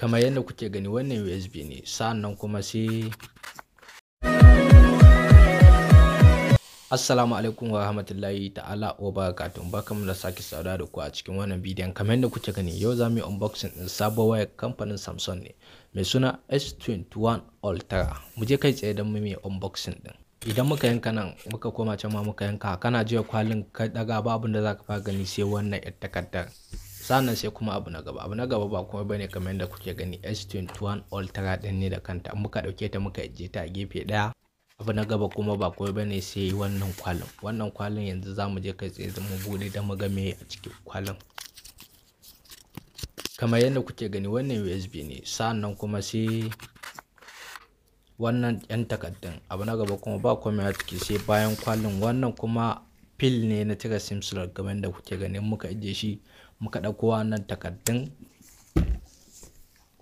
kamar yadda kuke gani wannan usb ne sannan kuma sai Assalamu alaikum wa rahmatullahi ta'ala wa baka mu da sake saurara da ku a cikin wannan bidiyon kamar yadda kuke gani yau za mu yi unboxing din sabon wayar kamfanin Samsung ne mai suna S21 Ultra mu je kai tsaye don mu yi unboxing din idan muka yanka nan muka koma can ma muka yanka kana jiya kwalin ka daga babu da zaka fara gani sai wannan yar takardar sannan sai kuma abu na gaba abu na gaba ba kuma bane kamar yadda kuke gani s21 ultra din ne da kanta muka dauke ta muka ajiye ta a gefe daya abu na gaba kuma ba kuma bane sai wannan kwalin wannan kwalin yanzu zamu je kai tsaye mu bude da mu ga me a cikin kwalin kamar yadda kuke gani wannan usb ne sannan kuma sai wannan yan takardun abu na gaba kuma ba komai a ciki sai bayan kwalin wannan kuma fil ne na cire sim slot kamar yadda kuke gani muka ajiye shi muka ɗauko wannan takardun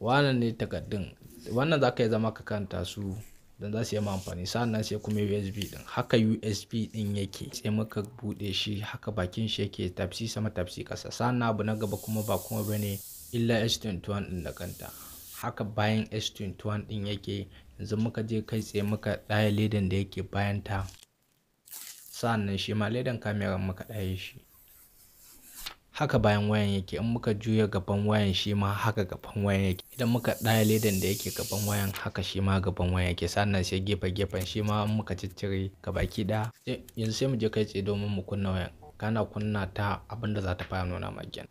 wannan ne takardun wannan za ka yi zama ka kanta su don za su yi amfani sannan sai kuma usb din haka usb din yake sai muka buɗe shi haka bakin shi yake tafsi sama tafsi kasa sannan abu na gaba kuma ba kuma ne illa s21 din da kanta haka bayan s21 din yake yanzu muka je kai tsaye muka ɗaya ledan da yake bayan ta sannan shi ma ledan kamera muka ɗaya shi haka bayan wayan yake in muka juya gaban wayan shi ma haka gaban wayan yake idan muka ɗaya ledan da yake gaban wayan haka shi ma gaban wayan yake sannan sai gefe gefen shi ma in muka ciccire gabaki ɗaya yanzu sai mu je kai tsaye domin mu kunna wayan kana kunna ta abinda da za ta fara nuna ma kenan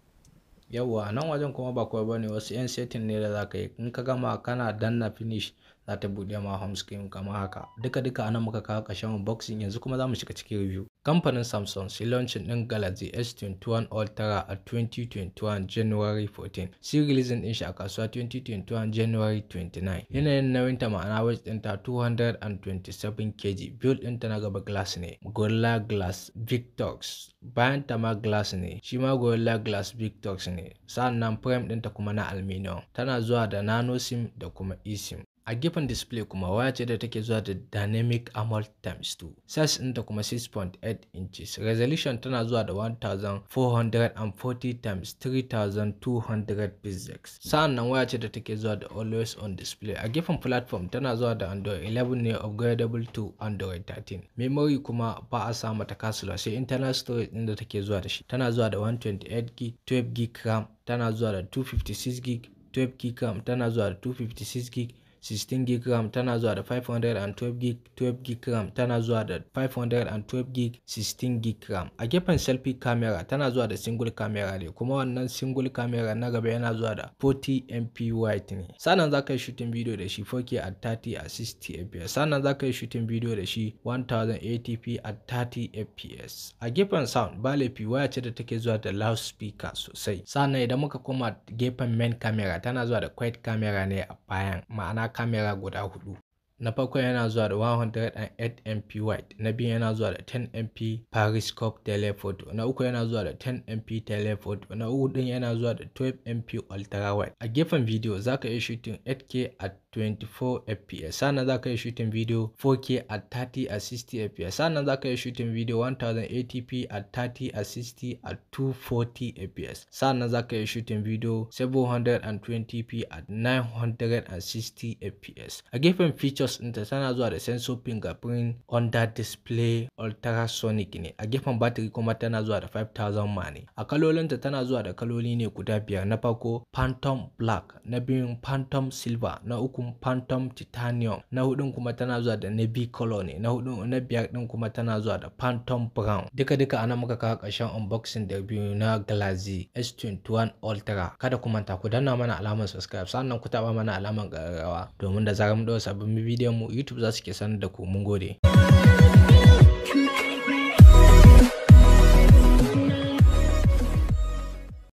yawwa nan wajen kuma ba kawai bane wasu 'yan setting ne da za ka yi in ka gama kana danna finish za ta buɗe ma home screen kamar haka duka duka anan muka kawo ƙarshen unboxing yanzu kuma za mu shiga cikin review kamfanin samsung shi launching ɗin galaxy s21 ultra a 2021 january 14 shi releasing ɗin shi a kasuwa 2021 january 29 yanayin nauyin ta ma'ana weight ta 227 kg build ta na gaba glass ne gorilla glass victox bayan ta ma glass ne shi ma gorilla glass victox ne sannan frame ta kuma na aluminium tana zuwa da nano sim da kuma esim a gefen display kuma waya ce da take zuwa da dynamic amoled times 2 size ɗinta kuma 6.8 inches resolution tana zuwa da 1440 times 3200 pixels sa'annan waya ce da take zuwa da always on display a gefen platform tana zuwa da android 11 ne upgradable to android 13 memory kuma ba a sa mata kasula sai internal storage ɗin da take zuwa da shi tana zuwa da 128 gig 12 gig ram tana zuwa da 256 gig 12 gig ram tana zuwa da 256 gig 16 gb RAM tana zuwa da 512 gb RAM tana zuwa da 512 gb 16 gb RAM a gefen selfie camera tana zuwa da single camera ne kuma wannan single camera na gaba yana zuwa da 40 MP wide ne sannan za ka yi shooting video da shi 4K at 30 at 60 fps sannan za ka yi shooting video da shi 1080p at 30 fps a gefen sound ba laifi waya ce da take zuwa da speaker sosai sannan idan muka koma gefen main camera tana zuwa da quiet camera ne a bayan ma'ana kamera guda hudu. Na farko yana zuwa da 108MP wide, na biyu yana zuwa da 10MP periscope telephoto, na uku yana zuwa da 10MP telephoto, na hudu yana zuwa da 12MP ultra wide. A gefen video za ka iya shooting 8K at 24 fps sannan za ka yi shooting video 4k at 30 at 60 fps sannan za ka yi shooting video 1080p at 30 at 60 at 240 fps sannan za ka yi shooting video 720p at 960 fps a gefen features ɗinta tana zuwa da sensor fingerprint under display ultrasonic ne a gefen battery kuma tana zuwa da 5000 ma ne a kalolinta tana zuwa da kaloli ne guda biyar na farko phantom black na biyun phantom silver na uku phantom titanium na hudun kuma tana zuwa da navy color ne na hudun na biyar din kuma tana zuwa da phantom brown duka duka ana muka kawo ƙarshen unboxing da biyu na glazi s21 ultra kada ku manta ku danna mana alamar subscribe sannan ku taba mana alamar ƙararrawa domin da zarar mu dawo sabbin bidiyon mu youtube za su ke sanar da ku mun gode